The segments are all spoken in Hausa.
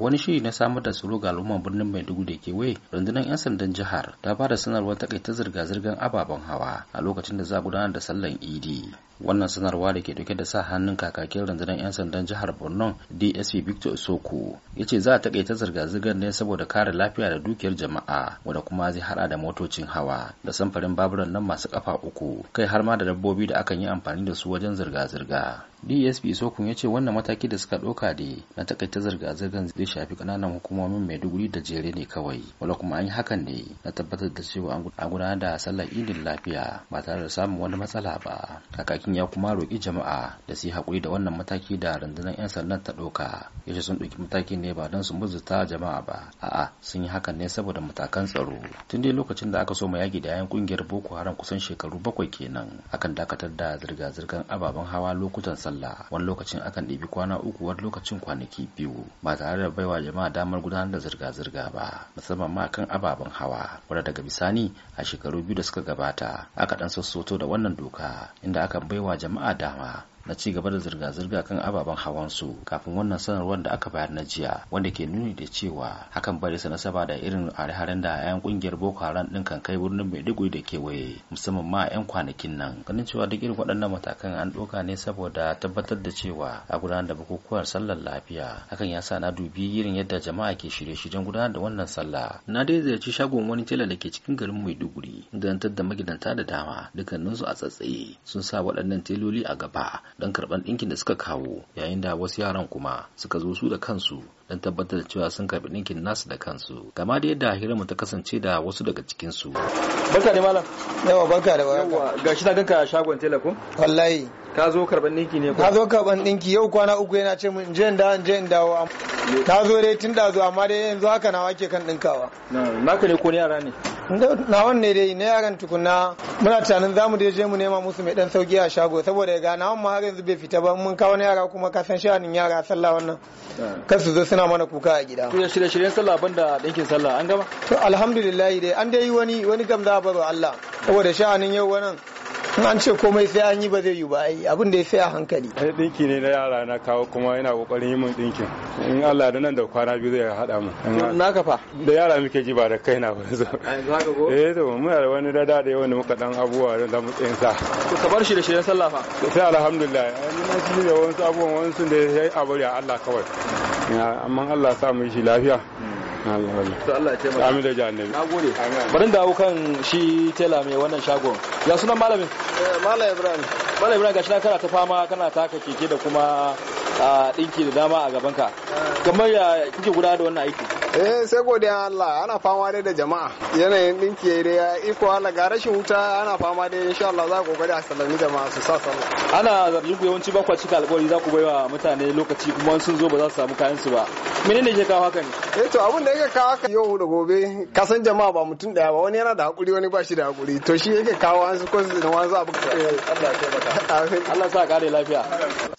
wani shiri na samar da tsaro ga al'umman birnin maiduguri da ke wai, rundunar 'yan sandan jihar ta ba da sanarwar takaita zirga-zirgar ababen hawa a lokacin da za a gudanar da sallar idi wannan sanarwa da ke dauke da sa hannun kakakin rundunar 'yan sandan jihar borno dsp victor soko ya ce za a takaita zirga-zirgar ne saboda kare lafiya da dukiyar jama'a wanda kuma zai hada da motocin hawa da samfarin baburan nan masu kafa uku kai har ma da dabbobi da akan yi amfani da su wajen zirga-zirga dsp sokun ya ce wannan mataki da suka ɗauka ne na takaita zirga-zirgar zai shafi ƙananan hukumomin maiduguri da jere ne kawai wanda kuma an yi hakan ne na tabbatar da cewa an gudanar da sallar idin lafiya ba tare da samun wani matsala ba kakakin sarkin ya kuma roƙi jama'a da su yi haƙuri da wannan mataki da rundunar 'yan sandan ta ɗauka ya sun ɗauki mataki ne ba don su muzuta jama'a ba a'a sun yi hakan ne saboda matakan tsaro tun dai lokacin da aka so ma yaƙi da 'yan ƙungiyar boko haram kusan shekaru bakwai kenan akan dakatar da zirga-zirgar ababen hawa lokutan sallah wani lokacin akan ɗebi kwana uku wani lokacin kwanaki biyu ba tare da baiwa jama'a damar gudanar da zirga-zirga ba musamman ma kan ababen hawa wanda daga bisani a shekaru biyu da suka gabata aka ɗan sassoto da wannan doka inda aka bai wa jama'ata ba na ci gaba da zirga-zirga kan ababen hawan su. kafin wannan sanarwar da aka bayar na jiya wanda ke nuni da cewa hakan bai da nasaba da irin hare-haren da 'yan kungiyar boko haram din kan kai birnin maiduguri da kewaye musamman ma 'yan kwanakin nan ganin cewa duk irin waɗannan matakan an ɗauka ne saboda tabbatar da cewa a gudanar da bukukuwar sallar lafiya hakan ya sa na dubi irin yadda jama'a ke shirye-shiryen gudanar da wannan sallah na dai ziyarci shagon wani tela da ke cikin garin maiduguri don da magidanta da dama dukkaninsu a tsatsaye sun sa waɗannan teloli a gaba don karɓar ɗinkin da suka kawo yayin da wasu yaran kuma suka zo su da kansu don tabbatar da cewa sun karɓi ɗinkin nasu da kansu kamar da yadda hiramu ta kasance da wasu daga cikinsu. barka da malam yawa barka da barka gashi na ganka shagon telecom wallahi ka zo karban dinki ne ka zo karban dinki yau kwana uku yana ce mun je inda je in dawo ta zo dai tun da zo amma dai yanzu haka nawa ke kan dinkawa naka ne ko ne yara ne Na wanne dai na yaran tukuna muna tunanin zamu dai je mu nema musu mai dan sauki a shago saboda ga nawan ma har yanzu bai fita ba mun kawo na yara kuma ka san shanin yara sallah wannan kar su zo suna mana kuka a gida to ya shirye shiryen sallah banda dinkin sallah an gama to alhamdulillah dai an dai yi wani wani gamza baro Allah saboda sha'anin yau wannan in an ce komai sai an yi ba zai yi ba ai abin da ya sai a hankali ai eh, dinki ne na yara na kawo kuma yana kokarin yi min dinkin in Allah da nan da kwana biyu zai hada mu ka fa da yara muke ji ba da kaina ba yanzu eh to muna da wani dada da yawan muka dan abuwa da mu tsayin sa ka bar shi da shi sallah fa sai alhamdulillah eh, na shi da wasu abubuwan wasu da ya yi a a Allah kawai amma Allah sa mu yi shi lafiya hmm. to amin da jahannabi nagode bari dawo kan shi tela mai wannan shagon ya sunan malamin eh, malam ibrahim malam ibrahim na kana ta fama kana taka keke da kuma dinki da dama a gaban ka kamar ya kike gudanar da wannan aiki eh sai godiya Allah ana fama dai da jama'a yanayin dinki ya dai iko Allah ga rashin wuta ana fama dai insha Allah za ku kokari a sallami jama'a su sa sallah ana zargin ku yawanci ba ku cika alƙawari za ku baiwa mutane lokaci kuma sun zo ba za su samu kayan su ba menene ke kawo haka ne eh to abin da yake kawo haka yau da gobe kasan jama'a ba mutum daya ba wani yana da hakuri wani ba shi da hakuri to shi yake kawo an su su da wani za a Allah ya taimaka Allah sa kare lafiya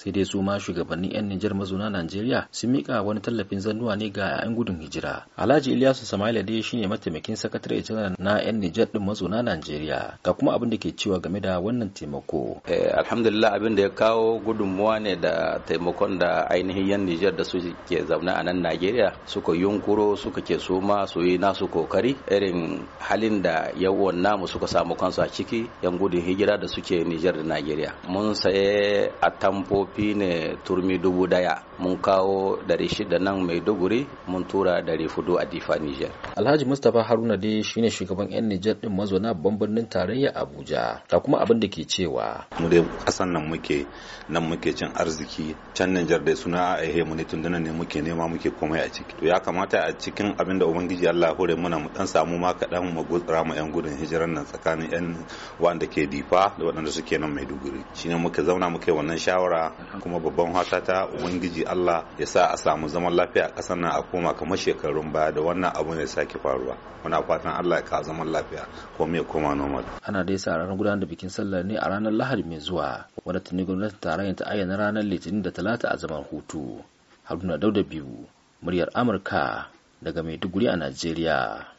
sai dai su ma shugaban shugabannin 'yan Nijar mazauna Najeriya sun mika wani tallafin zannuwa ne ga 'yan gudun hijira. Alhaji Ilyasu Samaila dai shine mataimakin sakatare janar na 'yan Nijar din mazauna Najeriya. Ga kuma abin da ke cewa game da wannan taimako. Eh, alhamdulillah abin da ya kawo gudunmuwa ne da taimakon da ainihin 'yan Nijar da suke zaune a nan Najeriya suka yunkuro suka ke so ma su yi nasu kokari irin halin da yawon namu suka samu kansu a ciki 'yan gudun hijira da suke Nijar da Najeriya. Mun saye atamfofi ne turmi mai dubu daya mun kawo dari shida nan mai duguri mun tura dari fudu a difa niger alhaji mustapha haruna dai shine shugaban yan niger din mazauna babban birnin tarayya abuja ga kuma abin da ke cewa mu dai kasan nan muke nan muke cin arziki can niger dai suna a ehe mu ne tun ne muke nema muke komai a ciki to ya kamata a cikin abin da ubangiji allah hore muna mu dan samu ma kaɗan mu gutsura mu yan gudun hijiran nan tsakanin yan wanda ke difa da waɗanda suke nan maiduguri shine muka zauna muka wannan shawara kuma babban hata fata ubangiji Allah ya sa a samu zaman lafiya a ƙasar nan a koma kamar shekarun baya da wannan abun ya sake faruwa muna fatan Allah ya kawo zaman lafiya ko mai koma normal ana dai sa ranar gudanar da bikin sallar ne a ranar Lahadi mai zuwa wadda gwamnati gwamnati tarayyar ta ayyana ranar Litinin da Talata a zaman hutu Haruna Dauda biyu muryar Amurka daga Maiduguri a Najeriya